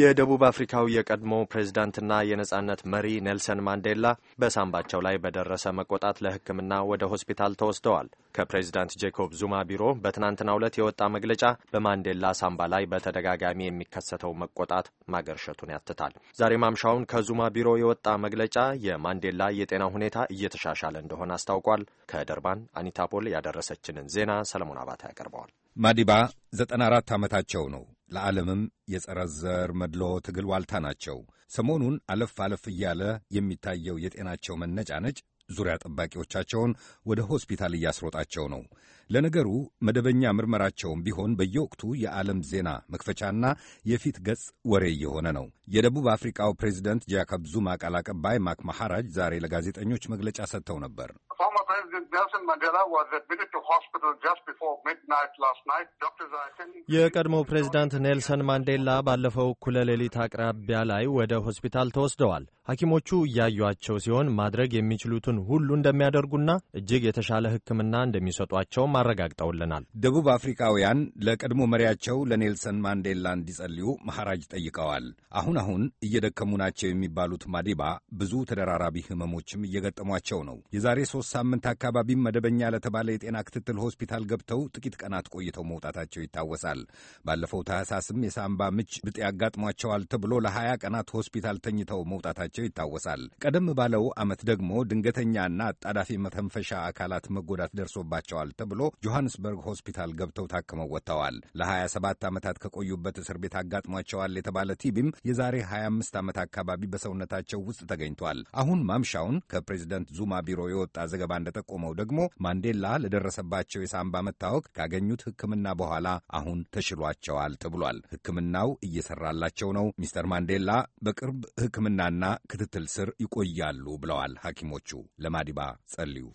የደቡብ አፍሪካው የቀድሞ ፕሬዝዳንትና የነጻነት መሪ ኔልሰን ማንዴላ በሳምባቸው ላይ በደረሰ መቆጣት ለሕክምና ወደ ሆስፒታል ተወስደዋል። ከፕሬዝዳንት ጄኮብ ዙማ ቢሮ በትናንትናው ዕለት የወጣ መግለጫ በማንዴላ ሳምባ ላይ በተደጋጋሚ የሚከሰተው መቆጣት ማገርሸቱን ያትታል። ዛሬ ማምሻውን ከዙማ ቢሮ የወጣ መግለጫ የማንዴላ የጤና ሁኔታ እየተሻሻለ እንደሆነ አስታውቋል። ከደርባን አኒታፖል ያደረሰችንን ዜና ሰለሞን አባታ ያቀርበዋል። ማዲባ 94 ዓመታቸው ነው። ለዓለምም የጸረ ዘር መድልዎ ትግል ዋልታ ናቸው። ሰሞኑን አለፍ አለፍ እያለ የሚታየው የጤናቸው መነጫነጭ ዙሪያ ጠባቂዎቻቸውን ወደ ሆስፒታል እያስሮጣቸው ነው። ለነገሩ መደበኛ ምርመራቸውም ቢሆን በየወቅቱ የዓለም ዜና መክፈቻና የፊት ገጽ ወሬ እየሆነ ነው። የደቡብ አፍሪካው ፕሬዚደንት ጃከብ ዙማ ቃል አቀባይ ማክ ማሐራጅ ዛሬ ለጋዜጠኞች መግለጫ ሰጥተው ነበር። የቀድሞው ፕሬዚዳንት ኔልሰን ማንዴላ ባለፈው እኩለ ሌሊት አቅራቢያ ላይ ወደ ሆስፒታል ተወስደዋል። ሐኪሞቹ እያዩቸው ሲሆን ማድረግ የሚችሉትን ሁሉ እንደሚያደርጉና እጅግ የተሻለ ሕክምና እንደሚሰጧቸውም አረጋግጠውልናል። ደቡብ አፍሪካውያን ለቀድሞ መሪያቸው ለኔልሰን ማንዴላ እንዲጸልዩ መሐራጅ ጠይቀዋል። አሁን አሁን እየደከሙ ናቸው የሚባሉት ማዲባ ብዙ ተደራራቢ ህመሞችም እየገጠሟቸው ነው። የዛሬ ሶስት ሳምንት አካባቢም መደበኛ ለተባለ የጤና ክትትል ሆስፒታል ገብተው ጥቂት ቀናት ቆይተው መውጣታቸው ይታወሳል። ባለፈው ታህሳስም የሳምባ ምች ብጤ ያጋጥሟቸዋል ተብሎ ለሀያ ቀናት ሆስፒታል ተኝተው መውጣታቸው መሆናቸው ይታወሳል። ቀደም ባለው ዓመት ደግሞ ድንገተኛና አጣዳፊ መተንፈሻ አካላት መጎዳት ደርሶባቸዋል ተብሎ ጆሐንስበርግ ሆስፒታል ገብተው ታክመው ወጥተዋል። ለ27 ዓመታት ከቆዩበት እስር ቤት አጋጥሟቸዋል የተባለ ቲቢም የዛሬ 25 ዓመት አካባቢ በሰውነታቸው ውስጥ ተገኝቷል። አሁን ማምሻውን ከፕሬዚደንት ዙማ ቢሮ የወጣ ዘገባ እንደጠቆመው ደግሞ ማንዴላ ለደረሰባቸው የሳምባ መታወክ ካገኙት ሕክምና በኋላ አሁን ተሽሏቸዋል ተብሏል። ሕክምናው እየሰራላቸው ነው። ሚስተር ማንዴላ በቅርብ ሕክምናና ክትትል ስር ይቆያሉ ብለዋል ሐኪሞቹ። ለማዲባ ጸልዩ